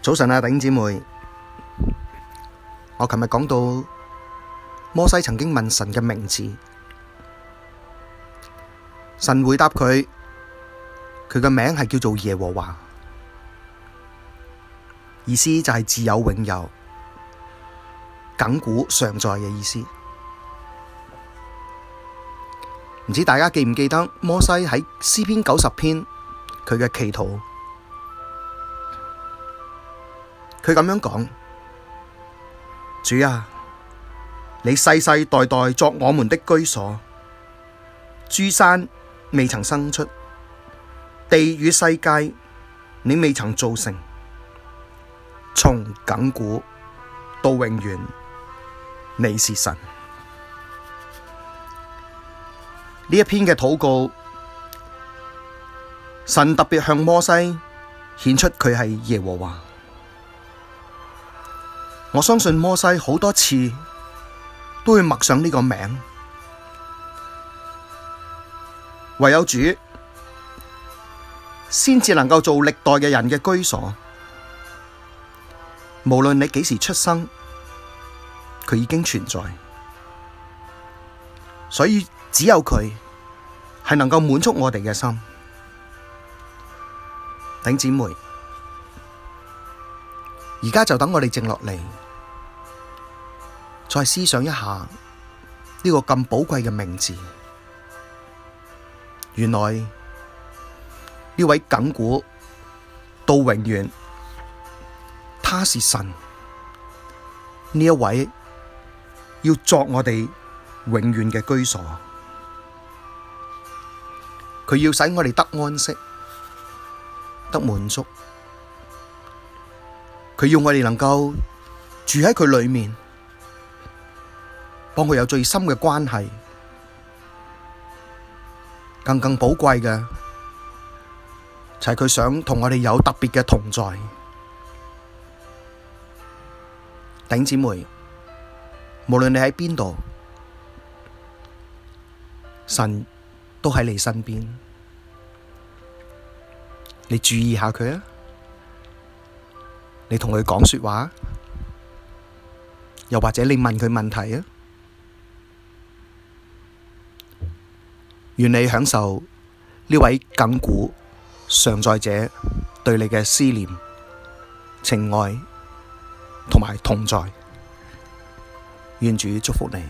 早晨啊，弟兄姐妹，我琴日講到摩西曾經問神嘅名字，神回答佢，佢嘅名係叫做耶和華，意思就係自有永有、亙古常在嘅意思。唔知大家記唔記得摩西喺詩篇九十篇佢嘅祈禱？佢咁樣講：主啊，你世世代代作我們的居所，諸山未曾生出，地與世界你未曾造成，從亙古到永遠，你是神。呢一篇嘅禱告，神特別向摩西顯出佢係耶和華。我相信摩西好多次都會默上呢個名，唯有主先至能夠做歷代嘅人嘅居所。無論你幾時出生，佢已經存在，所以只有佢係能夠滿足我哋嘅心。頂姊妹，而家就等我哋靜落嚟。再思想一下呢，這個咁寶貴嘅名字，原來呢位亙古到永遠，他是神呢一位，要作我哋永遠嘅居所，佢要使我哋得安息，得滿足，佢要我哋能夠住喺佢裏面。同佢有最深嘅關係，更更寶貴嘅就係佢想同我哋有特別嘅同在。頂姐妹，無論你喺邊度，神都喺你身邊。你注意下佢啊，你同佢講說話，又或者你問佢問題啊。願你享受呢位亙古常在者對你嘅思念、情愛同埋同在，願主祝福你。